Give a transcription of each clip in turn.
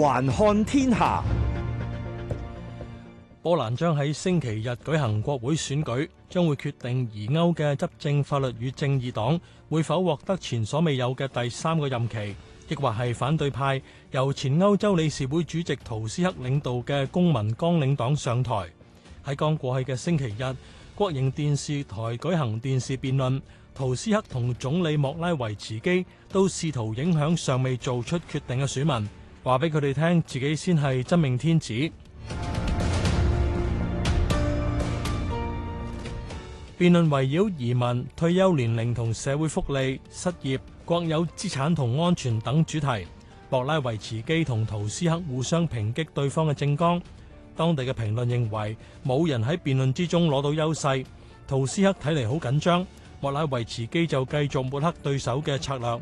環看天下，波蘭將喺星期日舉行國會選舉，將會決定疑歐嘅執政法律與正義黨會否獲得前所未有嘅第三個任期，亦或係反對派由前歐洲理事會主席圖斯克領導嘅公民綱領黨上台。喺剛過去嘅星期日，國營電視台舉行電視辯論，圖斯克同總理莫拉維茨基都試圖影響尚未做出決定嘅選民。話俾佢哋聽，自己先係真命天子。辯論圍繞移民、退休年齡同社會福利、失業、國有資產同安全等主題。莫拉維茨基同圖斯克互相抨擊對方嘅政綱。當地嘅評論認為，冇人喺辯論之中攞到優勢。圖斯克睇嚟好緊張，莫拉維茨基就繼續抹黑對手嘅策略。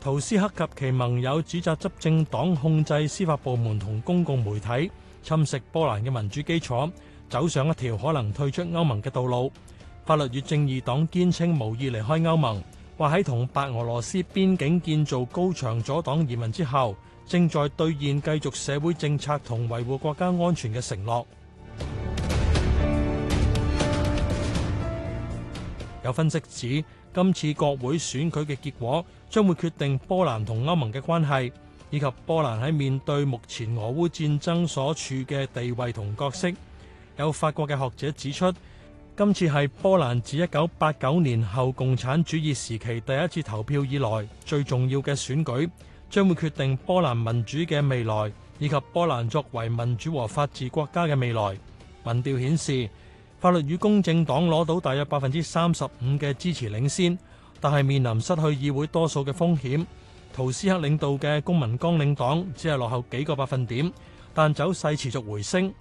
圖斯克及其盟友指責執政黨控制司法部門同公共媒體，侵蝕波蘭嘅民主基礎，走上一條可能退出歐盟嘅道路。法律與正義黨堅稱無意離開歐盟，話喺同白俄羅斯邊境建造高牆阻擋移民之後，正在兌現繼續社會政策同維護國家安全嘅承諾。有分析指，今次國會選舉嘅結果將會決定波蘭同歐盟嘅關係，以及波蘭喺面對目前俄烏戰爭所處嘅地位同角色。有法國嘅學者指出，今次係波蘭自一九八九年後共產主義時期第一次投票以來最重要嘅選舉，將會決定波蘭民主嘅未來，以及波蘭作為民主和法治國家嘅未來。民調顯示，法律與公正黨攞到大約百分之三十五嘅支持領先，但係面臨失去議會多數嘅風險。圖斯克領導嘅公民綱領黨只係落後幾個百分點，但走勢持續回升。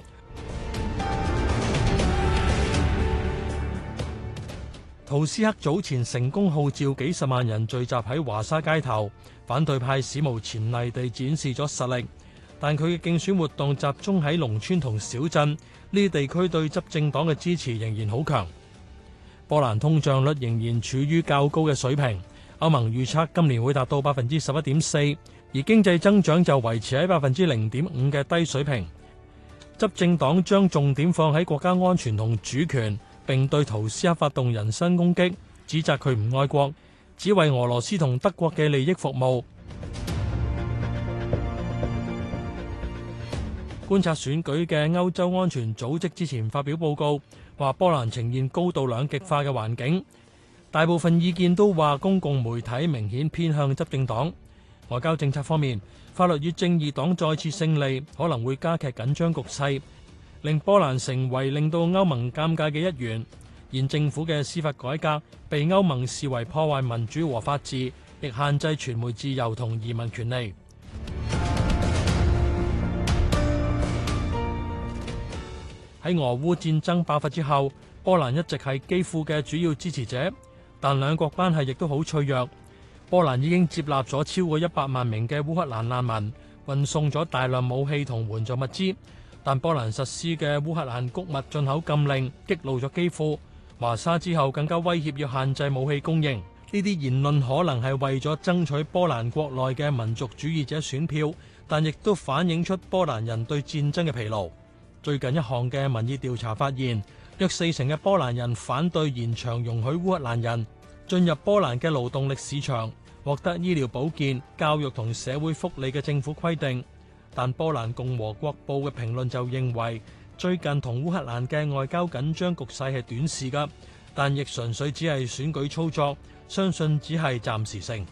圖斯克早前成功號召幾十萬人聚集喺華沙街頭，反對派史無前例地展示咗實力。但佢嘅競選活動集中喺農村同小鎮呢啲地區，對執政黨嘅支持仍然好強。波蘭通脹率仍然處於較高嘅水平，歐盟預測今年會達到百分之十一點四，而經濟增長就維持喺百分之零點五嘅低水平。執政黨將重點放喺國家安全同主權，並對圖斯克發動人身攻擊，指責佢唔愛國，只為俄羅斯同德國嘅利益服務。觀察選舉嘅歐洲安全組織之前發表報告，話波蘭呈現高度兩極化嘅環境。大部分意見都話公共媒體明顯偏向執政黨。外交政策方面，法律與正義黨再次勝利可能會加劇緊張局勢，令波蘭成為令到歐盟尷尬嘅一員。現政府嘅司法改革被歐盟視為破壞民主和法治，亦限制傳媒自由同移民權利。喺俄烏戰爭爆發之後，波蘭一直係基輔嘅主要支持者，但兩國關係亦都好脆弱。波蘭已經接納咗超過一百萬名嘅烏克蘭難民，運送咗大量武器同援助物資，但波蘭實施嘅烏克蘭谷物進口禁令激怒咗基輔。華沙之後更加威脅要限制武器供應，呢啲言論可能係為咗爭取波蘭國內嘅民族主義者選票，但亦都反映出波蘭人對戰爭嘅疲勞。最近一項嘅民意調查發現，約四成嘅波蘭人反對延長，容許烏克蘭人，進入波蘭嘅勞動力市場，獲得醫療保健、教育同社會福利嘅政府規定。但波蘭共和國報嘅評論就認為，最近同烏克蘭嘅外交緊張局勢係短視㗎，但亦純粹只係選舉操作，相信只係暫時性。